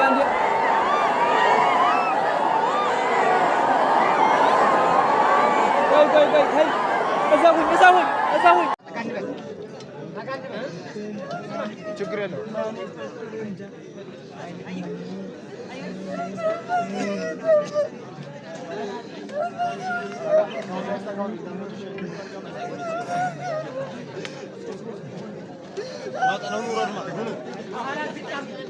bence. Gel gel gel gel. Ezahun ezahun ezahun. Şükran. Bak anam uğradım. Ahana bitti.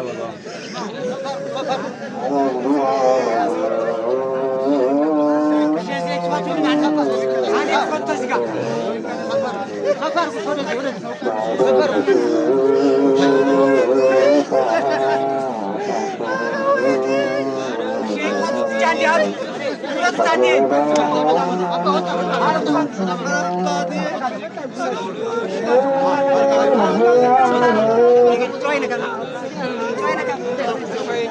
やば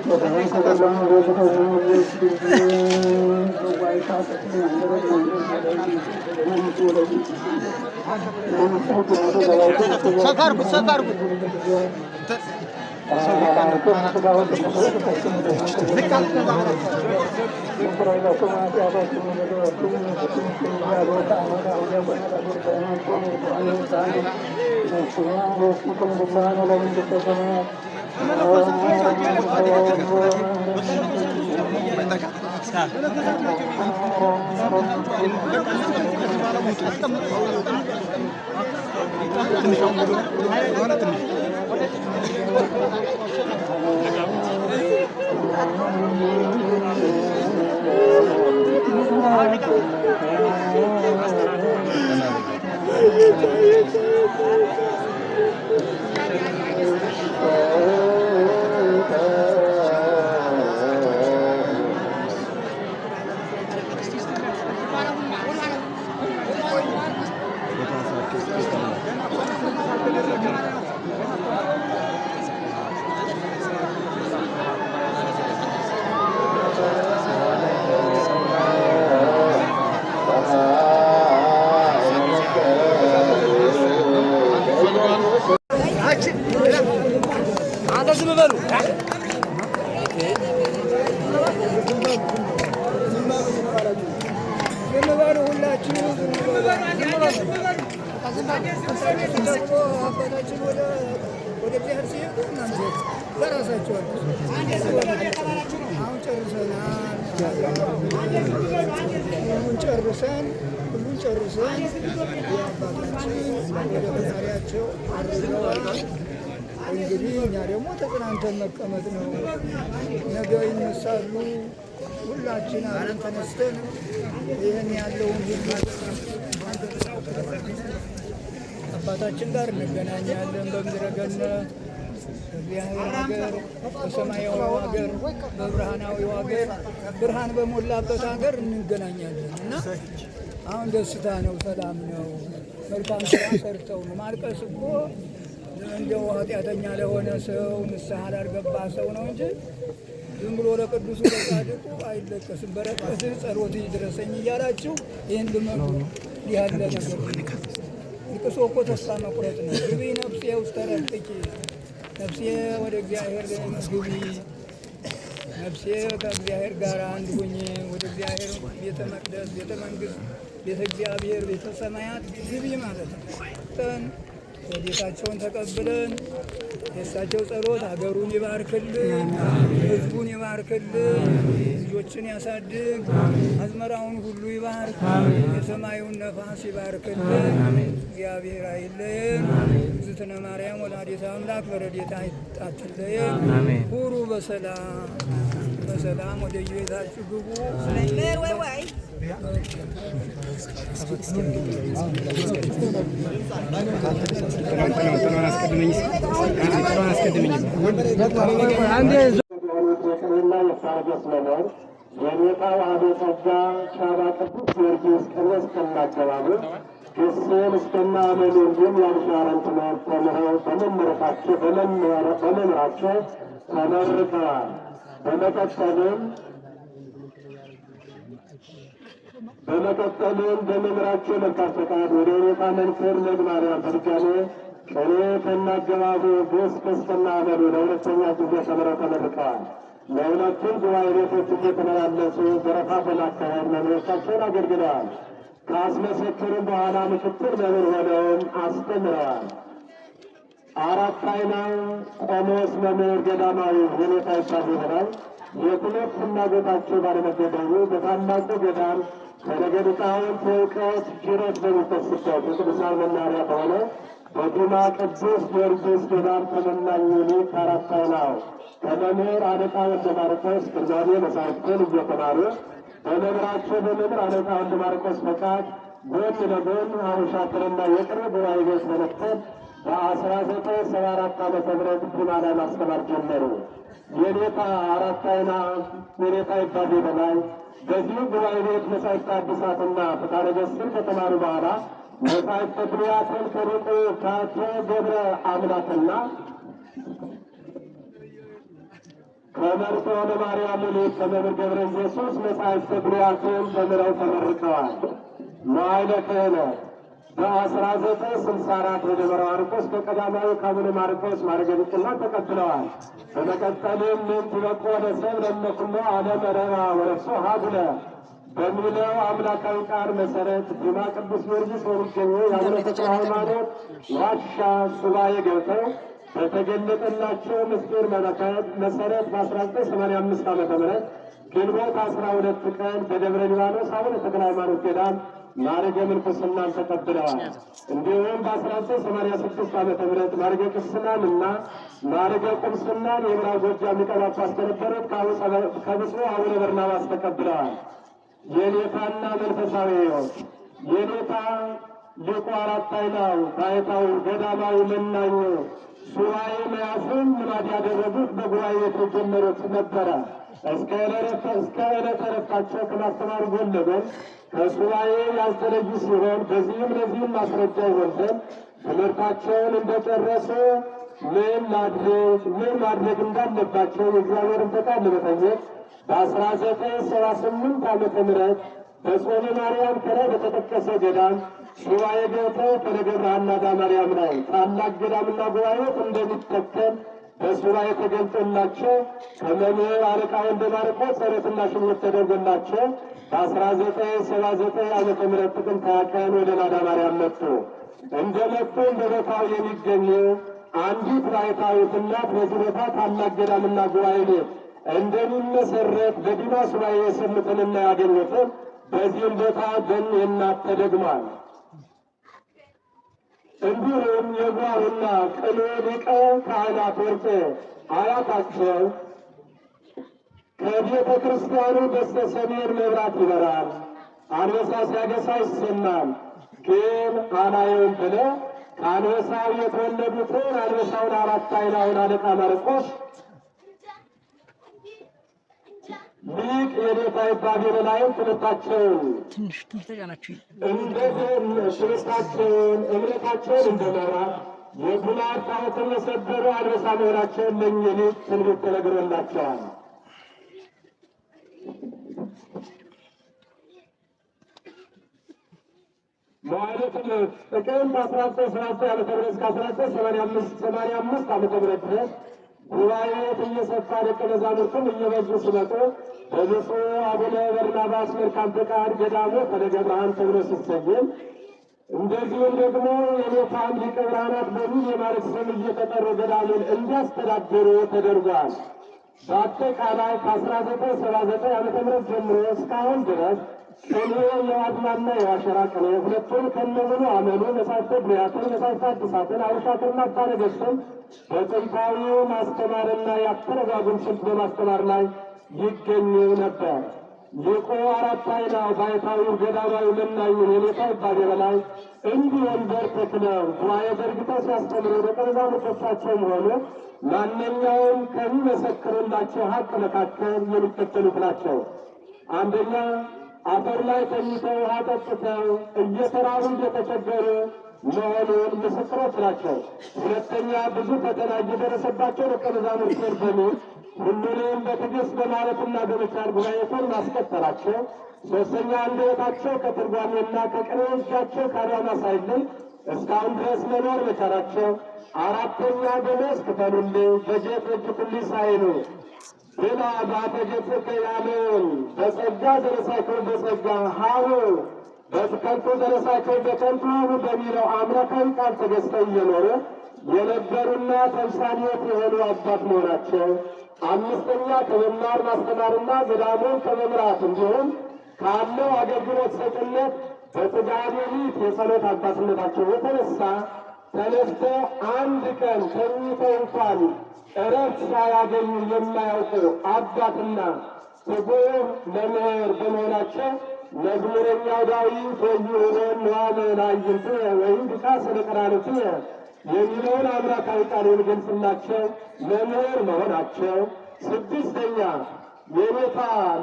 Sekarang, sekarang, ትንሽ ስለዚህ እኛ ደግሞ ተጽናንተን መቀመጥ ነው። ነገ ይነሳሉ። ሁላችን አለም ተነስተን ይህን ያለውን አባታችን ጋር እንገናኛለን በምድረገነ በዚያኛው ሀገር በሰማያዊ ሀገር በብርሃናዊ ሀገር ብርሃን በሞላበት ሀገር እንገናኛለን እና አሁን ደስታ ነው፣ ሰላም ነው። መልካም ስራ ሰርተው ነው ማልቀስ እኮ እንደው ኃጢአተኛ ለሆነ ሰው ንስሐ ላልገባ ሰው ነው እንጂ ዝም ብሎ ለቅዱሱ ለጻድቁ አይለቀስም። በረከትህ ጸሎትህ ይድረሰኝ እያላችሁ ይህን ልመዱ ሊያለ ነገር ልቅሶ እኮ ተስፋ መቁረጥ ነው። ግቢ ነፍሴ ውስጥ ረጥቂ፣ ነፍሴ ወደ እግዚአብሔር ግቢ፣ ነፍሴ ከእግዚአብሔር ጋር አንድ ሁኝ፣ ወደ እግዚአብሔር ቤተ መቅደስ፣ ቤተ መንግስት፣ ቤተ እግዚአብሔር፣ ቤተ ሰማያት ግቢ ማለት ነው። ረድኤታቸውን ተቀብለን የእሳቸው ጸሎት ሀገሩን ይባርክልን፣ ህዝቡን ይባርክልን፣ ልጆችን ያሳድግ፣ አዝመራውን ሁሉ ይባርክ፣ የሰማዩን ነፋስ ይባርክልን። እግዚአብሔር አይለየን። እግዝእትነ ማርያም ወላዲተ አምላክ በረድኤታ አትለየን። ሁሩ በሰላም በሰላም ወደ ቤታችሁ ግቡ። የኔታው አቤጸጋ ሻባ ቅዱስ ጊዮርጊስ ቀኔ እስከማገባብር ክስን እስከማመን እንዲሁም የአንሻረን ትምህርት ተምረው በመመረታቸው በመምራቸው ተመርቀዋል። በመቀጠልም በመቀጠልም በመምህራቸው መታሰቃት ወደ ሮታ መንፈር መግባሪያ ፍርጋሜ ቅኔ ከናገባቡ ግስ አመሉ ለሁለተኛ ጊዜ ተምረው ተመርቀዋል። ለሁለቱም ጉባኤ ቤቶች እየተመላለሱ ዘረፋ በማካሄድ መምህራቸውን አገልግለዋል። ካስመሰክሩም በኋላ ምክትል መምህር ሆነውም አስተምረዋል። አራት አይና ቆሞስ መምህር ገዳማዊ ሁኔታ ይባል ይሆናል። የትምህርት ፍላጎታቸው ባለመገደቡ በታላቁ ገዳም ፈለገ ሊቃውንት ቄስ ኪሮስ በሚፈስበት የቅዱሳን መናኸሪያ በሆነ በዲማ ቅዱስ ጊዮርጊስ ገዳም ተመናኝ ሊቅ አራት ኃይላው ከመምህር አለቃ ወልደ ማርቆስ ግንዛቤ መጻሕፍትን እየተማሩ በመምህራቸው በመምህር አለቃ ወልደ ማርቆስ ፈቃድ ጎን ለጎን አቡሻክርና የቅርብ ጉባኤ ቤት መነክተል በአስራ ዘጠኝ ሰባ አራት ዓመተ ምህረት ዲማ ላይ ማስተማር ጀመሩ። የኔታ አራት ኃይላ የኔታ ይባቤ በላይ በዚህ ጉባኤ ቤት መጻሕፍተ አድሳትና ፍትሐ ነገሥትን ከተማሩ በኋላ መጻሕፍተ ብሉያትን ከሊቁ ከአቶ ገብረ አምላክና ከመርቶ ለማርያም ሊቅ ከመምህር ገብረ ኢየሱስ መጻሕፍተ ብሉያትን ተምረው ተመርቀዋል። መዋዕለ ክህነት በ ወደ በደብረ ማርቆስ ከቀዳማዊ ካቡነ ማርቆስ ማዕረገ ጵጵስና ተቀብለዋል። በመቀጠልም ምንትበቆ ለሰብእ ለእምኩሎ አለም ረራ ወረብሶ ሀጉለ። በሚለው አምላካዊ ቃል መሰረት ዲማ ቅዱስ ጊዮርጊስ በሚገኘው የአቡነ ተክለ ሃይማኖት ዋሻ ሱባኤ ገብተው በተገለጠላቸው ምስጢር መሰረት በ1985 ዓ ም ግንቦት 12 ቀን በደብረ ሊባኖስ አቡነ ተክለ ሃይማኖት ገዳም ማዕረገ ምንኩስናን ተቀብለዋል። እንዲሁም በ1986 ዓ ም ማዕረገ ቅስናን እና ማዕረገ ቁምስናን የምዕራብ ጎጃም ሊቀ ጳጳስ ከነበሩት ከብፁዕ አቡነ በርናባስ ተቀብለዋል። የኔታና መንፈሳዊ ሕይወት የኔታ ሊቁ አራት አይናው ታይታው ገዳማዊ መናኙ ሱባኤ መያዝን ልማድ ያደረጉት በጉባኤ የተጀመሩት ነበረ። እስከ ዕለተ ዕረፍታቸው ከማስተማር ጎን ለጎን ከሱባኤ ያልተለዩ ሲሆን በዚህም ለዚህም ማስረጃ ይሆን ትምህርታቸውን እንደጨረሱ ምን ማድረግ ምን ማድረግ እንዳለባቸው የእግዚአብሔርን ፈቃድ ለመጠየቅ በአስራ ዘጠኝ ሰባ ስምንት ዓመተ ምህረት በጾመ ማርያም ከላይ በተጠቀሰ ገዳም ሱባኤ ገብተው ከደብረ ሐና ማርያም ላይ ታላቅ ገዳምና ጉባኤ እንደሚተከል በሱራ የተገልጦላቸው ከመምህር አለቃ ወልደ ማርቆስ ጸሎትና ሽኝት ተደርጎላቸው በ1979 ዓመተ ምህረት ጥቅምት ሃያ ቀን ወደ ናዳ ማርያም መጡ። እንደ መጡም በቦታው የሚገኙ አንዲት ራእይታዊት እናት በዚህ ቦታ ታላቅ ገዳምና ጉባኤ እንደሚመሰረት በዲማ ሱባኤ የሰሙትንና ያገኙትን በዚህም ቦታ ደን የእናት ተደግሟል። እንዲሁም የጓውና ቅኔ ሊቀ ካህናት ወርቄ አያታቸው ከቤተ ክርስቲያኑ በስተ ሰሜን መብራት ይበራል። አንበሳ ሲያገሳ ይሰማል። ግን አናየውም ብለ ከአንበሳው የተወለዱትን አንበሳውን አራት አይናውን አለቃ ማርቆስ ሊቅ የዴታ ይባቤል ላይ ትምህርታቸውን ትንሽ ትንሽ ተጫናችሁ ትምህርታቸውን እምነታቸውን እንደመራ የጉላት ጣዖትን የሰበሩ አንበሳ መሆናቸውን ለእኚህ ትንቢት ተነግሮላቸዋል። መዋዕለ ትምህርት ጥቅምት አስራ ዘጠኝ ዓመተ ምህረት እስከ አስራ ዘጠኝ ሰማንያ አምስት ሰማንያ አምስት ዓመተ ምህረት ድረስ ጉባኤት እየሰፋ ደቀ መዛሙርቱም እየበዙ ሲመጡ በብፁዕ አቡነ በርናባስ መልካም ፈቃድ ገዳሙ ፈለገ ብርሃን ተብሎ ሲሰየም እንደዚሁም ደግሞ የቦታን ሊቀ ብርሃናት በሚል የማዕረግ ስም እየተጠሩ ገዳሙን እንዲያስተዳድሩ ተደርጓል። በአጠቃላይ ሰባ ዘጠኝ ዓ ም ጀምሮ እስካሁን ድረስ ቅኔ የዋድማና የዋሸራ ቅኔ ሁለቱን ከነሙሉ አመሉ መሳተ ብሉያትን መሳተ አዲሳትን አውሻትና አታነገስትን በጥንታዊው ማስተማርና የአተረጓጉም ስልት በማስተማር ላይ ይገኙ ነበር። ሊቁ አራት ኃይላ ባይታዊው ገዳማዊ መናዩ ሁኔታ ይባል በላይ እንዲህ ወንበር ተክለው ጉባኤ ዘርግተው ሲያስተምሩ ደቀ መዛሙርቶቻቸውም ሆነ ማንኛውም ከሚመሰክርላቸው ሀቅ መካከል የሚከተሉት ናቸው። አንደኛ አፈር ላይ ተኝተው ውሃ ጠጥተው እየተራሩ እየተቸገሩ መሆኑን ምስክሮች ናቸው። ሁለተኛ ብዙ ፈተና እየደረሰባቸው ደቀ መዛሙርት በሚል ሁሉንም በትዕግስት በማለፍና በመቻል ጉባኤቱን ማስቀጠላቸው፣ ሦስተኛ አንደበታቸው ከትርጓሜና ከቅኔ እጃቸው ከአድዋማ ሳይለይ እስካሁን ድረስ መኖር መቻላቸው፣ አራተኛ ደመወዝ ክፈሉልኝ በጀት በጅቱልኝ ሳይሉ ሌላ በአፈጀት ከያለውን በጸጋ ዘረሳቸው በጸጋ ሀሩ በከንቱ ዘረሳቸው በከንቱ ሀሩ በሚለው አምረካዊ ቃል ተገዝተው እየኖሩ የነበሩና ተምሳሌት የሆኑ አባት መሆናቸው አምስተኛ ከመማር ማስተማርና ገዳሙን ከመምራት እንዲሁም ካለው አገልግሎት ሰጭነት በጽጋት የጸሎት አባትነታቸው የተነሳ ተነስተ አንድ ቀን ተኝተው እንኳን እረፍት ሳያገኙ የማያውቁ አባትና ትጉህ መምህር በመሆናቸው መዝሙረኛው ዳዊት ወይሁደን ዋመ አይንት ወይም ድቃ ስለ የሚለውን አምላካዊ ቃል የሚገልጽላቸው መምህር መሆናቸው፣ ስድስተኛ የቤታ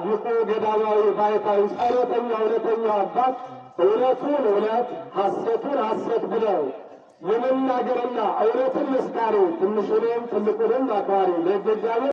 ሊቁ ገዳማዊ ባይታዊ ጸሎተኛ እውነተኛ አባት እውነቱን እውነት ሐሰቱን ሐሰት ብለው የመናገርና እውነትን መስካሪ ትንሹንም ትልቁንም አክባሪ ለእግዚአብሔር